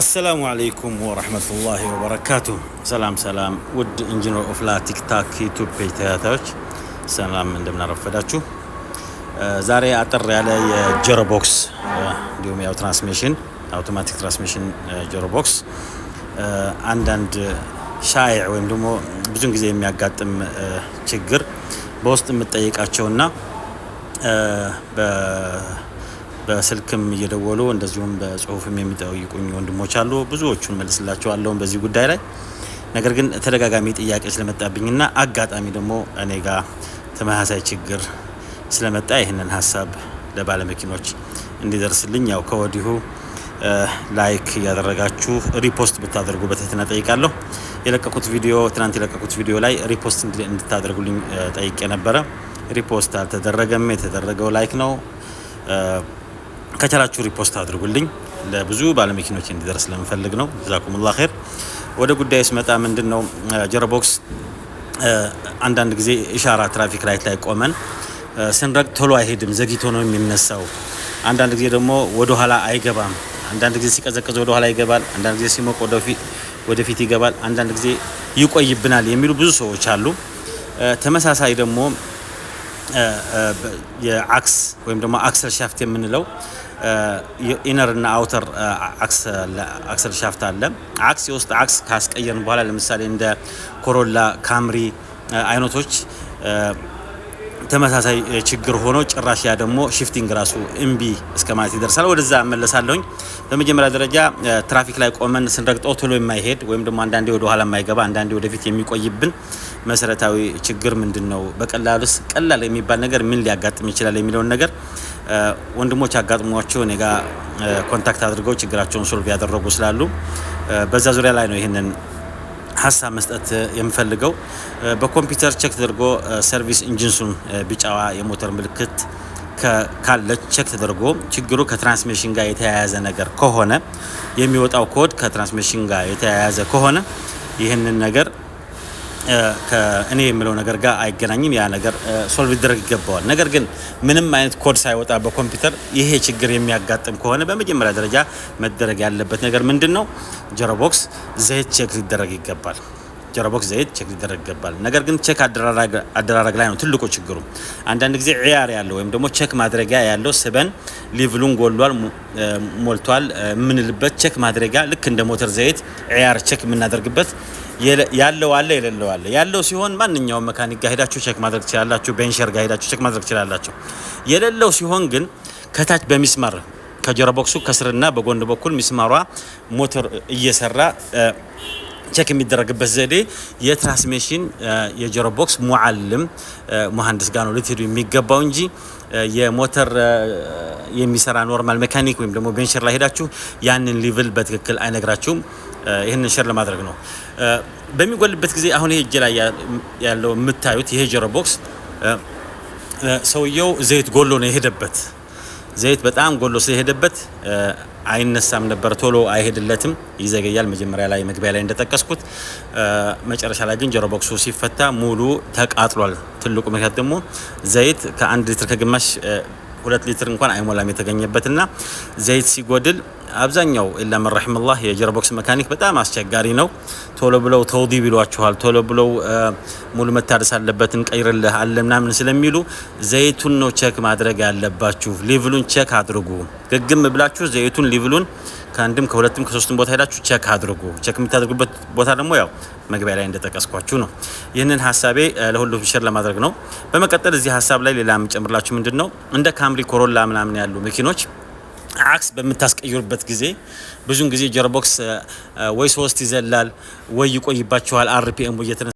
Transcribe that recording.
አሰላሙ አለይኩም ወረህመቱላሂ ወበረካቱ። ሰላም ሰላም፣ ውድ ኢንጂነር ኦፍላ ቲክታክ ዩቱብ ተከታታዮች ሰላም እንደምናረፈዳችሁ። ዛሬ አጠር ያለ የጀሮ ቦክስ እንዲሁም ያው ትራንስሚሽን አውቶማቲክ ትራንስሚሽን ጀሮ ቦክስ አንዳንድ ሻይዕ ወይም ደግሞ ብዙን ጊዜ የሚያጋጥም ችግር በውስጥ የምጠይቃቸውና በስልክም እየደወሉ እንደዚሁም በጽሁፍም የሚጠይቁኝ ወንድሞች አሉ። ብዙዎቹን መልስላቸዋለሁ በዚህ ጉዳይ ላይ ነገር ግን ተደጋጋሚ ጥያቄ ስለመጣብኝና አጋጣሚ ደግሞ እኔ ጋር ተመሳሳይ ችግር ስለመጣ ይህንን ሀሳብ ለባለመኪኖች እንዲደርስልኝ ያው ከወዲሁ ላይክ እያደረጋችሁ ሪፖስት ብታደርጉ በትህትና ጠይቃለሁ። የለቀቁት ቪዲዮ ትናንት የለቀቁት ቪዲዮ ላይ ሪፖስት እንድታደርጉልኝ ጠይቄ ነበረ። ሪፖስት አልተደረገም። የተደረገው ላይክ ነው። ከቻላችሁ ሪፖስት አድርጉልኝ። ለብዙ ባለመኪኖች እንዲደርስ ለምፈልግ ነው። ጀዛኩሙላ ኸይር። ወደ ጉዳዩ ስመጣ ምንድን ነው ጀረቦክስ አንዳንድ ጊዜ ኢሻራ ትራፊክ ላይት ላይ ቆመን ስንረግ ቶሎ አይሄድም፣ ዘግይቶ ነው የሚነሳው። አንዳንድ ጊዜ ደግሞ ወደ ኋላ አይገባም። አንዳንድ ጊዜ ሲቀዘቀዝ ወደ ኋላ ይገባል፣ አንዳንድ ጊዜ ሲሞቅ ወደፊት ይገባል፣ አንዳንድ ጊዜ ይቆይብናል የሚሉ ብዙ ሰዎች አሉ። ተመሳሳይ ደግሞ የአክስ ወይም ደግሞ አክሰል ሻፍት የምንለው ኢነርና አውተር አክሰል ሻፍት አለ። አክስ የውስጥ አክስ ካስቀየርን በኋላ ለምሳሌ እንደ ኮሮላ፣ ካምሪ አይነቶች ተመሳሳይ ችግር ሆኖ ጭራሽ ያ ደግሞ ሽፍቲንግ ራሱ እምቢ እስከ ማለት ይደርሳል። ወደዛ መለሳለሁኝ። በመጀመሪያ ደረጃ ትራፊክ ላይ ቆመን ስንረግጠው ቶሎ የማይሄድ ወይም ደግሞ አንዳንዴ ወደ ኋላ የማይገባ አንዳንዴ ወደፊት የሚቆይብን መሰረታዊ ችግር ምንድን ነው? በቀላሉስ ቀላል የሚባል ነገር ምን ሊያጋጥም ይችላል የሚለውን ነገር ወንድሞች አጋጥሟቸው እኔ ጋ ኮንታክት አድርገው ችግራቸውን ሶልቭ ያደረጉ ስላሉ በዛ ዙሪያ ላይ ነው ይህንን ሀሳብ መስጠት የምፈልገው በኮምፒውተር ቸክ ተደርጎ ሰርቪስ ኢንጂንሱን ቢጫዋ የሞተር ምልክት ካለች ቸክ ተደርጎ ችግሩ ከትራንስሚሽን ጋር የተያያዘ ነገር ከሆነ የሚወጣው ኮድ ከትራንስሚሽን ጋር የተያያዘ ከሆነ ይህንን ነገር ከእኔ የምለው ነገር ጋር አይገናኝም። ያ ነገር ሶልቭ ይደረግ ይገባዋል። ነገር ግን ምንም አይነት ኮድ ሳይወጣ በኮምፒውተር ይሄ ችግር የሚያጋጥም ከሆነ በመጀመሪያ ደረጃ መደረግ ያለበት ነገር ምንድን ነው? ጀሮቦክስ ዘይት ቼክ ሊደረግ ይገባል። ጀሮቦክስ ዘይት ቼክ ሊደረግ ይገባል። ነገር ግን ቼክ አደራረግ ላይ ነው ትልቁ ችግሩ። አንዳንድ ጊዜ ዕያር ያለው ወይም ደግሞ ቼክ ማድረጊያ ያለው ስበን ሊቭሉን ጎሏል፣ ሞልቷል የምንልበት ቼክ ማድረጊያ ልክ እንደ ሞተር ዘይት ዕያር ቼክ የምናደርግበት ያለው አለ የሌለው አለ። ያለው ሲሆን ማንኛውም መካኒክ ጋር ሄዳችሁ ቼክ ማድረግ ትችላላችሁ። ቤንሸር ጋር ሄዳችሁ ቼክ ማድረግ ትችላላችሁ። የሌለው ሲሆን ግን ከታች በሚስማር ከጀሮ ቦክሱ ከስርና በጎን በኩል ሚስማሯ ሞተር እየሰራ ቼክ የሚደረግበት ዘዴ የትራንስሚሽን የጆሮ ቦክስ ሙዓልም ሙሀንዲስ ጋር ነው ልትሄዱ የሚገባው እንጂ የሞተር የሚሰራ ኖርማል መካኒክ ወይም ደግሞ ቤንሸር ላይ ሄዳችሁ ያንን ሊቭል በትክክል አይነግራችሁም። ይህንን ሸር ለማድረግ ነው። በሚጎልበት ጊዜ አሁን ይሄ እጅ ላይ ያለው የምታዩት ይሄ ጆሮ ቦክስ ሰውየው ዘይት ጎሎ ነው የሄደበት። ዘይት በጣም ጎሎ ስለሄደበት አይነሳም ነበር፣ ቶሎ አይሄድለትም፣ ይዘገያል። መጀመሪያ ላይ መግቢያ ላይ እንደጠቀስኩት፣ መጨረሻ ላይ ግን ጆሮ ቦክሱ ሲፈታ ሙሉ ተቃጥሏል። ትልቁ ምክንያት ደግሞ ዘይት ከአንድ ሊትር ከግማሽ ሁለት ሊትር እንኳን አይሞላም የተገኘበትና ዘይት ሲጎድል አብዛኛው ኢላመን ረሂመሁላህ የጀርቦክስ መካኒክ በጣም አስቸጋሪ ነው። ቶሎ ብለው ተውዲ ይሏችኋል። ቶሎ ብለው ሙሉ መታደስ አለበትን ቀይርልህ አለ ምናምን ስለሚሉ ዘይቱን ነው ቸክ ማድረግ ያለባችሁ። ሊቭሉን ቸክ አድርጉ። ግግም ብላችሁ ዘይቱን ሊቭሉን ከአንድም ከሁለትም ከሶስትም ቦታ ሄዳችሁ ቸክ አድርጉ። ቸክ የምታደርጉበት ቦታ ደግሞ ያው መግቢያ ላይ እንደጠቀስኳችሁ ነው። ይህንን ሀሳቤ ለሁሉም ሸር ለማድረግ ነው። በመቀጠል እዚህ ሀሳብ ላይ ሌላ የምጨምርላችሁ ምንድን ነው እንደ ካምሪ ኮሮላ ምናምን ያሉ መኪኖች አክስ በምታስቀይሩበት ጊዜ ብዙውን ጊዜ ጀርቦክስ ወይ ሶስት ይዘላል ወይ ይቆይባችኋል። አርፒኤም እየተነ